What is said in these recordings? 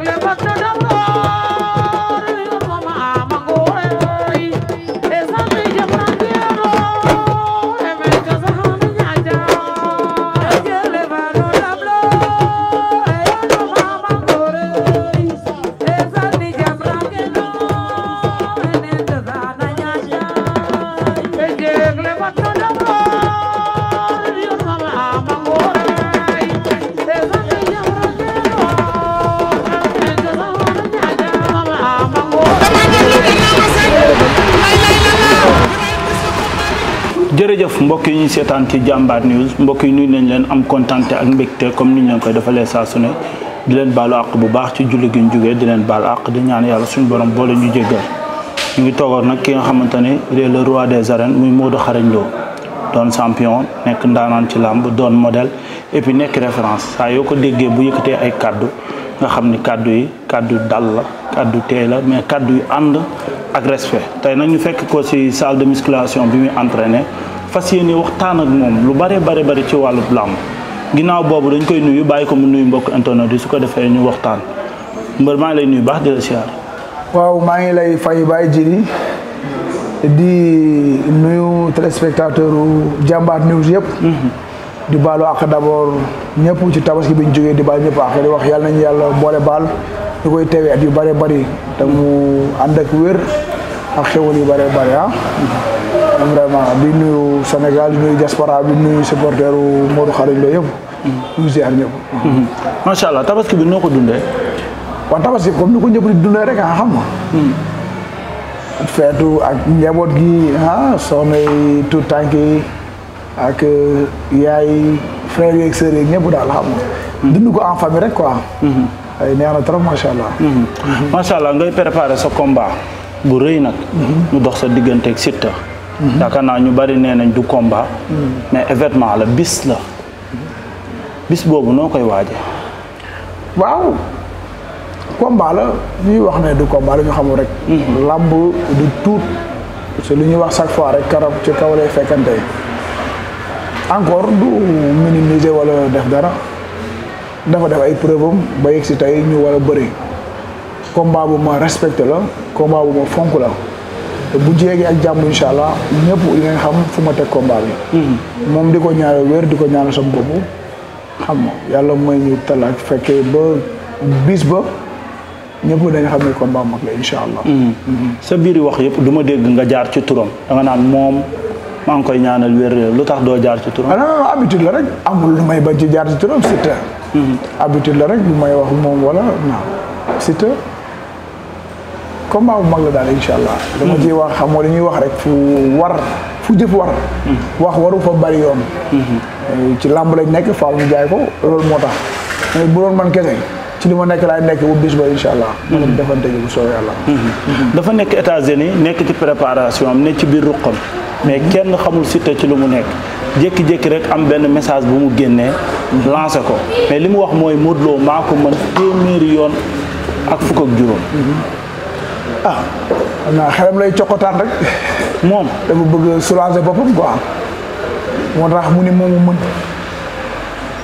ভেবে বাচ্চাটা jërëjëf mbokk yi ñuy seetaan ci jambar news mbokk yi nuyu nañ leen am contenté ak mbékté comme ñu leen koy defalee saa su ne di leen balu ak bu baax ci jullu gi ñu jógee di leen bal ak di ñaan yalla suñu borom bo boole ñu jéggal ñu ngi togor nak ki nga xamante ré le roi des arènes muy Modou Xarañ Lo doon champion nek ndaanaan ci lamb don model et puis nek référence sa yo ko déggé bu yëkëté ay cadeau nga xamni cadeau yi cadeau dal la cadeau tey la mais cadeau yu and ak respect tay nak ñu fekk ko ci salle de musculation bi muy entraîner fasiyene waxtan ak mom lu bare bare bare ci walu làmb ginaaw bobu dañ koy nuyu bàyyi ko mu nuyu mbok antono di suko defé ñu waxtan mbeur ma lay nuyu bax di la waaw ma ngi lay fay bay jiri di nuyu téléspectateur jambat news yep mhm. di balu ak d'abord ñepp ci tabaski bi ñu di bal ñepp ak di wax yalla nañu yalla boole bal di koy teewee at yu bare bare te mu ànd ak wér ak xewul yu bare bare ha ah. mhm. vraiment di nuyu Senegal ñuy diaspora bi nuyu supporteru Modou hmm. Xarañ Lo yëpp ñu hmm. ziar ñëpp sha allah tabaski bi noko dundé wa tabaski comme ni ko ñëpp di dundé rek hmm. ah, ha xam nga feetu ak njaboot gi ha soxna tout tànk ak yaay frère ak sœur yi ñëpp daal xam nga dund ko en famille rek quoi ay neex trop ma sha allah sha allah ngay préparer sa combat bu reuy nak ñu dox sa ak Siteu yaakaar naa ñu bari nee nañ du combat. Mm. mais événement la bis la. bis boobu noo koy waaje waaw combat la ñuy wax ne du combat la ñu xamul rek. Mm-hmm. làmb du tuut. parce lu ñuy wax chaque fois rek karab ci kaw lay fekkante encore du minimiser wala def dara dafa def ay preuve ba yegg si tey ñu war a bëri combat bu ma respecté la combat bu ma fonk la. te bu jéegee ak jàmm incha allah ñëpp dinañ xam fu ma teg combat bi. moom di ko ñaanal wér di ko ñaanal sam bopp yàlla mooy ñu talaak fekkee ba ba ñëpp dañ xam ne combat mag la incha allah. Mm-hmm. Mm-hmm. sa biir wax yëpp duma ma dégg nga jaar ci turam da naan moom. maa ngi koy ñaanal wér lu tax doo jaar ci turam. ah habitude la rek amul lu may ba ci jaar ci turam Siteu. Mm-hmm. habitude la rek lu may wax moom walla non Siteu. combat bu mag la daal incha allah. Hmm. dama ciy wax xam nga dañuy wax rek fu war fu war. Hmm. wax waru fa bari yoon. Hmm. Eh, ci làmb lañ nekk faaw mu jaay ko loolu moo tax mais eh, bu doon man kese ci li ma nekk laay nekk bu bis ba incha allah. maanaam defante ji bu soobee yàlla. dafa nekk États-Unis nekk ci préparation am ne ci biir ruqam. mais kenn xamul Siteu ci lu mu nekk jékki-jékki rek am benn message bu mu génnee lancé ko mais li mu wax mooy Modou Lo maa ko mën téeméeri yoon ak fukk ak juróom ah xam naa xelam lay cokkotaan rek moom dafa bëgg soulager boppam quoi moo tax mu ni moomu mën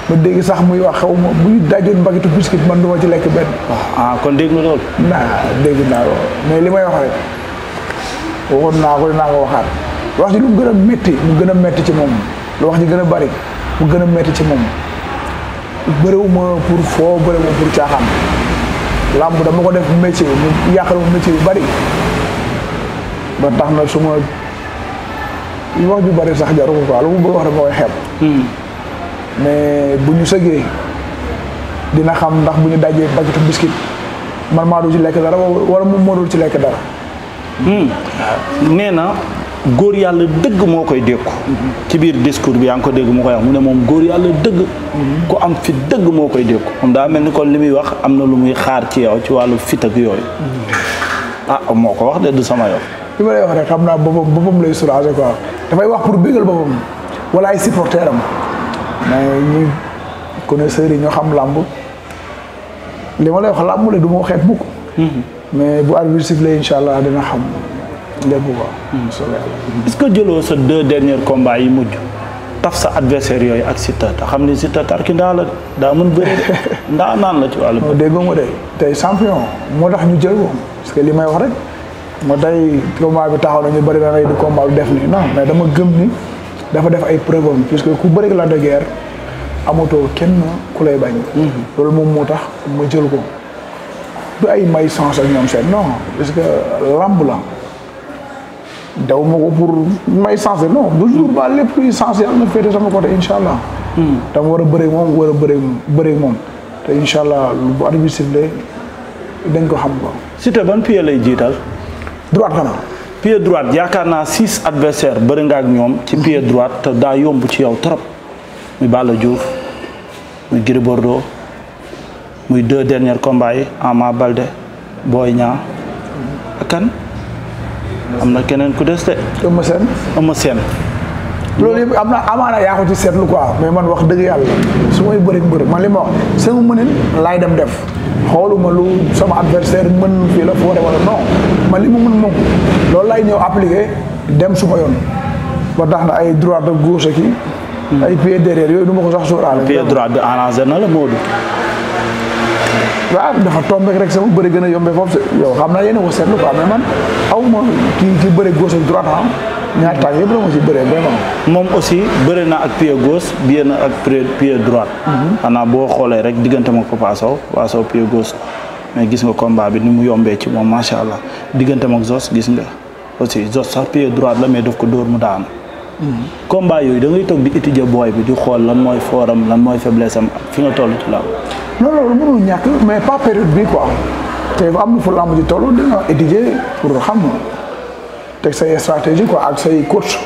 ma dégg sax muy wax xew ma bu ñu dajoon mbagitu biscuit man duma ci lekk benn. ah kon dégg nga loolu. naa dégg naa loolu mais li may wax rek waxoon naa ko naa ko waxaat wax ji lu mu gën a metti mu gën a metti ci moom lu wax ji gën a bari mu gën a métti ci moom bëriwuma pour foo bëriwuma pour caaxaan. làmb dama ko def métier mu yàqal ma métier yu bari ba tax na su ma wax ju bari sax jaru ko waa lu mu bëgg wax dama koy xeeb hmm. mais bu ñu sëgee dina xam ndax bu ñu dajee paquetu biscuit man maa ci lekk dara wala mu mënul ci lekk dara hmm. nee na góor yàlla dëgg moo koy dékku ci biir discours bi yaa ngi ko dégg mu koy wax mu ne moom góor yàlla dëgg ku am fit dëgg moo koy dékku moom daa mel ni kon li muy wax am na lu muy xaar ci yow ci wàllu fit ak yooyu ah moo ko wax de du sama yow li ma lay wax rek xam naa boppam boppam lay soulager quoi dafay wax pour bégal boppam wala ay supporter am mais ñuy connaisseurs yi ñu xam làmb li ma lay wax làmb la du ma waxee mukk mm-hmm. mais bu arbitre sifflé dina xam les hmm, pouvoirs hmm. est-ce que jëloo sa deux derniers combats yi mujj taf sa adversaire yoy ak Siteu te xam ni Siteu tarkindaa la da mën bëri nda nan la ci walu de ma de tay champion mo tax ñu jël ko parce que limay wax rek ma day combat bi taxaw na ñu bari na rey di combat def ni non mais dama gëm ni dafa def ay preuve puisque ku bari la de guerre amoto kenn ku lay bañ mhm. lool mom motax ma jël ko du ay may sens ak ñom sen non parce que lamb la daw mako pour may sensé non du jour ba lepp luy sensé yàlla na féete sama côté inshallah hmm dama wara a mom wara war a mom bëre moom te incha lu bu arbitre sifflé dañ ko xam ba cité ban pied lay jital droite kana pied droite yakarna 6 adversaires bëri nga ak ñom ci pied droite te da yomb ci yow trop muy Balla Diouf muy gire Bordeaux muy deux derniers combats yi Ama balde Boy Niang kan. am na keneen ku des de. Eumeu Sène Eumeu Sène. loolu yëpp am na amaana yaa ko ci seetlu quoi mais man wax dëgg yàlla su may bëri mbër man li ma wax sama mënin laay dem def xooluma lu sama adversaire mën fii la foore wala non man li mu mën moom loolu laay ñëw appliqué dem su ma yoon ba tax na ay droit de gauche ki hmm. ay pied derrière yooyu du ma ko sax sóoraale. pied droit de arrangé na la Modou. waa dafa tombé rek sama bëri gën a yombee foofu yow xam naa yéen a ko seetlu quoi mais man aw ma kii kii bëri gauche ak droite ah ñaar tànk yëpp la bëree vraiment. moom aussi bëri na ak pied gauche bëri na ak pied droite. Mhm. naa boo xoolee rek diggante ma Papa Sow Papa Sow pied mais gis nga combat bi ni mu yombee ci moom macha allah diggante ma ak gis nga aussi Zos sax pied droite la mais daf ko dóor mu daanu. combat yooyu da ngay toog di étudier booy bi di xool lan mooy fooram lan mooy faiblesse am fi nga toll ci làmb. non loolu mënul ñàkk mais pas période bi quoi te am na fu làmb ji toll di nga étudier pour xam teg say stratégie ko ak say coach.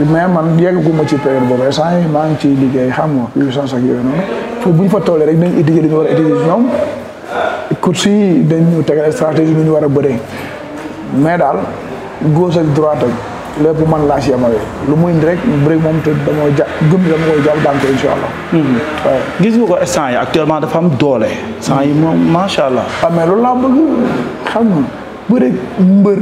mais man yegguma ci période boobu instant yi maa ngi ciy liggéey xam nga puissance ak yooyu noonu foofu bu ñu fa tollee rek dañ étudier li ñu war a étudier ci ñoom coach yi dañ ñu tegal stratégie lu ñu war a bëri mais daal gauche ak droite lépp man laa si lu mu indi rek bëri moom te dama ja gëm dama koy jàpp daan ko incha allah. Mhm. gis nga ko instant actuellement dafa am doole. instant yi moom macha allah. ah mais loolu laa bëgg xam nga bëri mbër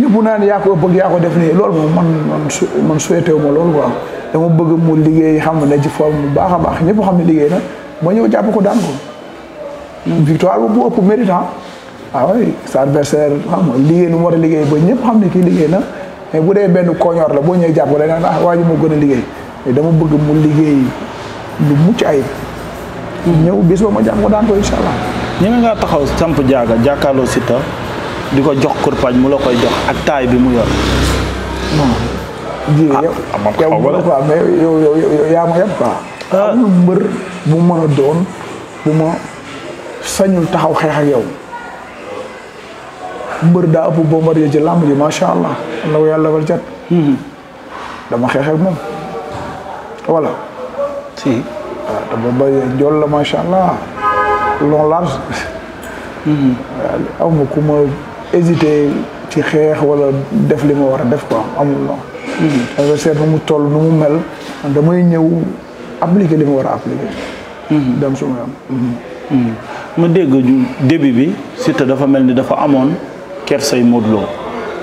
ñëpp naa ne yaa ko bëgg def nii loolu moom man man man souhaité ma loolu quoi dama bëgg mu liggéey xam nga ne ci forme baax a baax ñëpp xam ne liggéey na moo ñëw jàpp ko daan ko. Mhm. victoire bu ëpp méritant ah. ah oui sa adversaire xam nga liggéey nu mu war a liggéey ba ñëpp xam ne kii liggéey na. mais eh, bu dé bénn koñor la bo ñëwee japp ko na nga ah, mo gëna liggéey mais eh, dama bëgg mu liggéey lu mucc ay ñëw bis ba ma japp ko daan ko inshallah allah nga taxaw samp jaaga jàkkaarloo sita di ko jox kurpañ mu la koy jox ak taay bi mu yor non di ah, yow ah, yow quoi mais yow yow ya ma yab quoi amul mbër bu mën doon bu sañul taxaw xex ak yow mbër daa ëpp Bombardier ci làmb ji sha allah am na ko yàlla defal cat. dama xex ak mom wala si waaw ah, te Bombardier njool la sha allah long large. aw mo ku ma ci xex wala def li ma wara a def quoi amul hmm da sét mu toll nu mu mel damay ñëw appliquer li ma wara appliquer. hmm dam suma am. Hmm. Hmm. ma dégg ju début bi Siteu dafa mel dafa amone kersay Modou Lo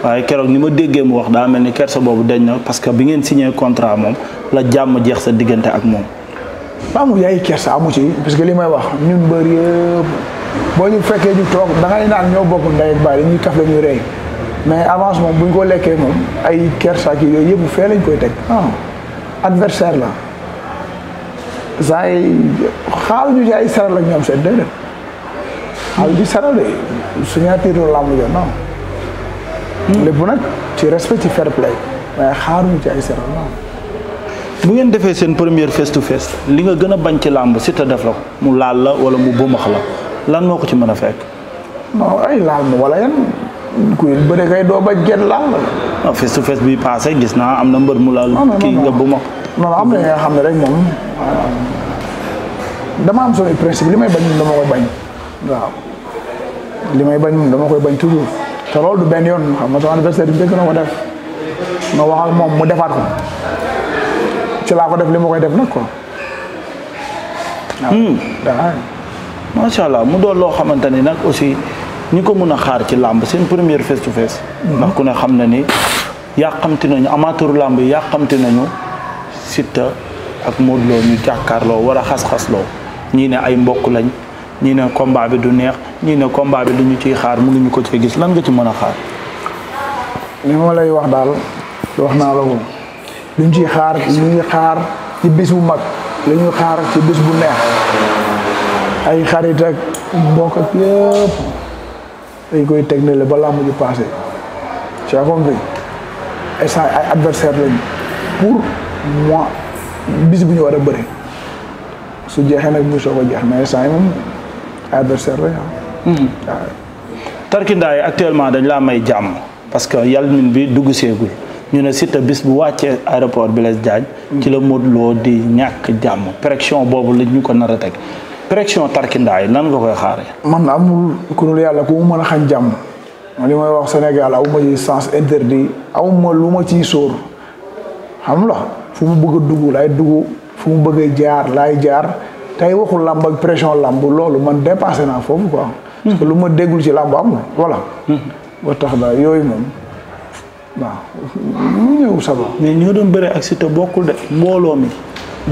waaye keroog ni ma déggee mu wax daa mel ni kersa boobu deñ na parce que bi ngeen signé contrat moom la jàmm jeex sa diggante ak moom. maamu yaay kersa amu ci parce que li may wax ñun mbër boo ñu fekkee ñu toog da nga ne naan ñoo bokk ndey ak baay dañuy kaf dañuy rey mais avance moom bu ñu ko lekkee moom ay kersa ak yooyu yëpp fee lañ koy teg ah adversaire la saa yi xaal ñu ay saral ak ñoom seen déedéet xaal di saral de. su la lamb ja non. Hmm. ci respect ci fair play waaye xaaruñu ci ay seetal non. ngeen defee seen première face to face li nga gën a bañ ci làmb si te def la mu laal la wala mu bumax la lan moo ko ci mën a fekk. non ay laal ma wala yan kuy bëre kay doo bañ kenn laal la. non face to face bi paase gis naa am na mbër mu laal. kii nga bumax. non am na nga xam ne rek moom dama am samay principe li may bañ dama koy bañ waaw. limay may bañ dama koy bañ toujours té loolu du ben yoon xam nga sama anniversaire bi dëgg na ko def ma wax ak mom mu defaat ko ci la ko def li koy def nah, hmm quoi. ma sha allah mu do lo xamante nak aussi ni ko mëna xaar ci lamb seen premier face to face. Hmm. ndax ku ne xam na ni yàqamti ya nañu amateur lamb yi ya nañu sita ak modlo ñu jakarlo wala khas khas lo ñi ne ay mbokk lañu ñii ne combat bi du neex ñii ne combat bi du ñu ciy xaar mu mënuñu ko ci gis lan nga ci mën a xaar. li ma lay wax daal wax naa la ko duñ ciy xaar ñu ngi xaar ci bis bu mag lañuy ñuy xaar ci bis bu neex ay xarit ak mbokk ak yëpp koy teg ne la balaa mu ñu paase. tu as compris instant ay adversaire lañu pour moi bis bu ñu war a bëri su jeexee nag mu soo a jeex mais instant yi moom. adversaire la waaw. Ah. Hmm. Ah. tarkindaa yi actuellement dañ laa may jàmm parce que yal min bi dugg seegul ñu ne Siteu bis bu wàccee aéroport Blaise Diagne. Hmm. ci la Modou loo di ñàkk jàmm pression boobu la ñu ko nar a teg pression tarkindaa yi lan nga koy xaaree. man amul ku dul yàlla ku mu mën a xam jàmm li may wax Sénégal awma ci sens interdit awma lu ma ciy sóor xam la fu mu bëgg a dugg laay dugg fu mu bëgg jaar laay jaar. tay waxul lamb ak pression lamb lolu man dépassé na fofu quoi. parce que lu ma déggul ci lamb am voilà. wa tax yoy mom moom ñu mu sa ba mais ñu doon béré ak Siteu bokul de mbolo mi.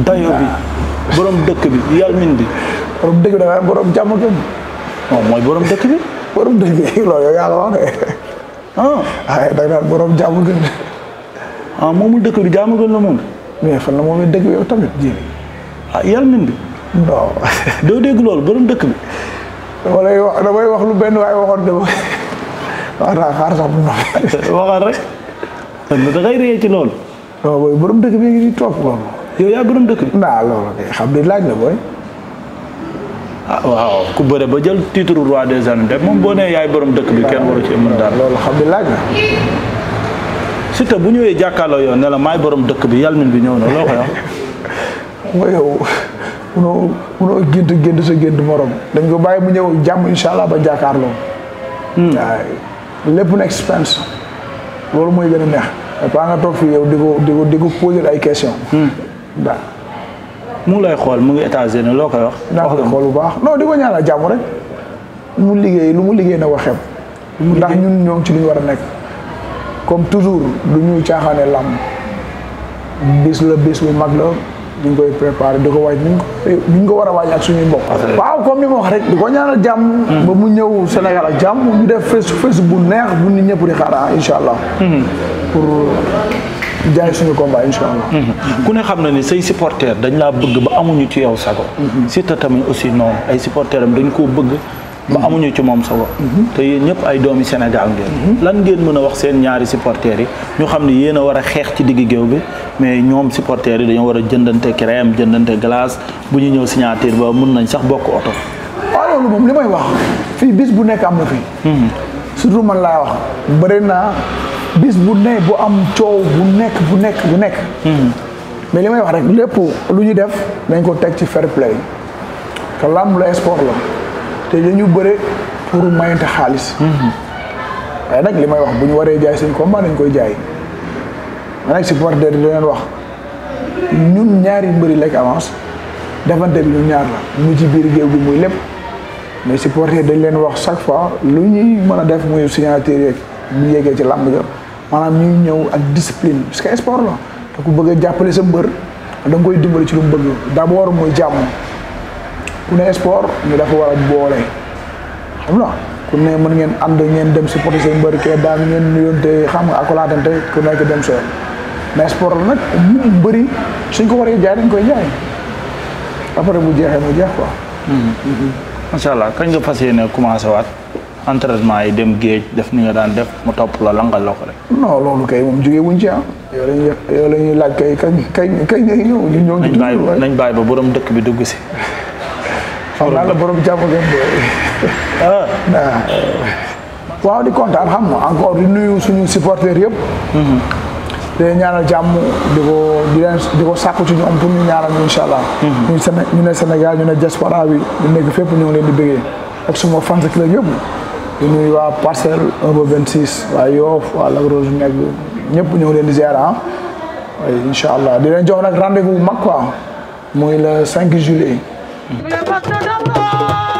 dayo bi nah. borom dëkk bi min bi. borom dëkk da borom jàmm gën. non moy borom oh, dëkk bi. borom dëkk bi loolu yow la wax ah ay da nga borom jàmm gën. ah moomul dëkk bi jamu gën la moom. mais fa la moom dëkk bi yow tamit ji. ah min bi. non. doo dégg loolu borom dëkk bi. wala wax wax lu benn waaye waxoon dama wax naa xaar sax bu ma. waxal rek. da ngay ci loolu. non booy borom dëkk bi ngi yow dëkk bi. xam ne laaj na booy. ah ba jël titre roi de moom yaay borom dëkk bi kenn waru ci mën dara. loolu xam ne laaj na. Siteu bu ñëwee jàkkaarloo yoon ne la maay borom dëkk bi yàlla min bi ñëw na loo koy wax. mooy yow. munoo munoo gént gént sa gént morom dañ ko bàyyi mu ñëw jàmm incha allah ba jàkkaarloo. Hmm. waaw lépp na expense loolu mooy gën a neex. mais pas nga toog fii yow di ko di ko di ay question hmm. waaw. mu ngi lay xool mu ngi états ne loo koy wax. naa ko xool bu baax non di ko ñaanal jàmm rek. lu mu liggéey lu mu liggéey na ko xeeb. ndax ñun ñoom ci lu ñu war a nekk. comme toujours du ñuy caaxaane làmb bis la bis bu mag la. ñu ngi koy préparé di ko waaj ni ñu eh, ngi ko war a waaj ak suñuy mbokk waaw comme ni ma rek di ko ñaanal jàmm hmm. ba mu ñëw Sénégal ak jàmm ñu def face to face bu neex bu nit ñëpp di xaar ah, incha allah hmm. pour jaay suñu combat incha allah. Hmm. ku ne xam na ni say supporters dañ la bëgg ba amuñu ci yow sago. Siteu tamit aussi noonu ay supporters am dañ koo bëgg. ba amuñu ci moom solo mhm. te yéen ñëpp ay doomi Sénégal ngeen mhm. lan ngeen mën a wax seen ñaari supporters yi ñu xam ni yéen a war a xeex ci digg géew bi mais ñoom supporters yi dañoo war a jëndante crème jëndante glace bu ñu ñëw signature ba mun nañ sax bokk oto waaw loolu moom li may wax fii bis bu nekk am na fii mhm. surtout man laa wax bëri naa bis bu ne bu am coow bu nekk bu nekk bu nekk mais li may wax rek lépp lu ñu def dañ ko teg ci fair play que làmb la sport la té ñu bëré pour mayenté xaaliss hmm ay nak limay wax buñu waré jaay seen combat dañ koy jaay nak ci supporter di leen wax ñun ñaari mbëri lek avance defante bi ñu ñaar la mu ci biir géew gi muy lepp mais ci supporter dañ leen wax chaque fois lu ñuy mëna def muy signature rek bu ñu yeggee ci lamb ja manam ñuy ñëw ak discipline parce que sport la te ku bëgg jappalé sa mbër da nga koy dimbali ci lu mu bëgg d'abord moy jamm ku ne sport ñu dafa war a boole xam na ku ne mën ngeen ànd ngeen dem supporter seen mbër kee daan ngeen nuyoonte xam nga akolaatante ku nekk dem sooy mais sport la nag mu bëri suñ ko waree jaay dañ koy jaay après bu jeexee mu jeex ko hmm, hmm, hmm. macha allah kañ nga fas yéene commencé waat entraînement yi dem géej def ni nga daan def mu topp la langal la ko rek. non loolu kay moom jógee wuñ ci ah. yow la ñuy yow la ñuy laaj kay kañ kañ kañ ngay ñëw ñoo. nañ bàyyi nañ bàyyi ba borom dëkk bi dugg si. xam naa la borom de. Ah. Ah. waaw di kontaan xam nga encore di nuyu suñu supporters yëpp. Mm-hmm. di ñaanal jàmm di ko di leen di ko sàkku ci ñoom pour ñu ñaanal ñu allah. Mm-hmm. ñu ne Sénégal ñu ne diaspora bi nekk fépp ñu leen di bëggee ak suma fans club yëpp. di nuyu waa Parcelles 1 nekk ñëpp ñu leen di ziar ah. waaye allah di leen jox nag rendez vous muy le 5 juillet. يا بطل الله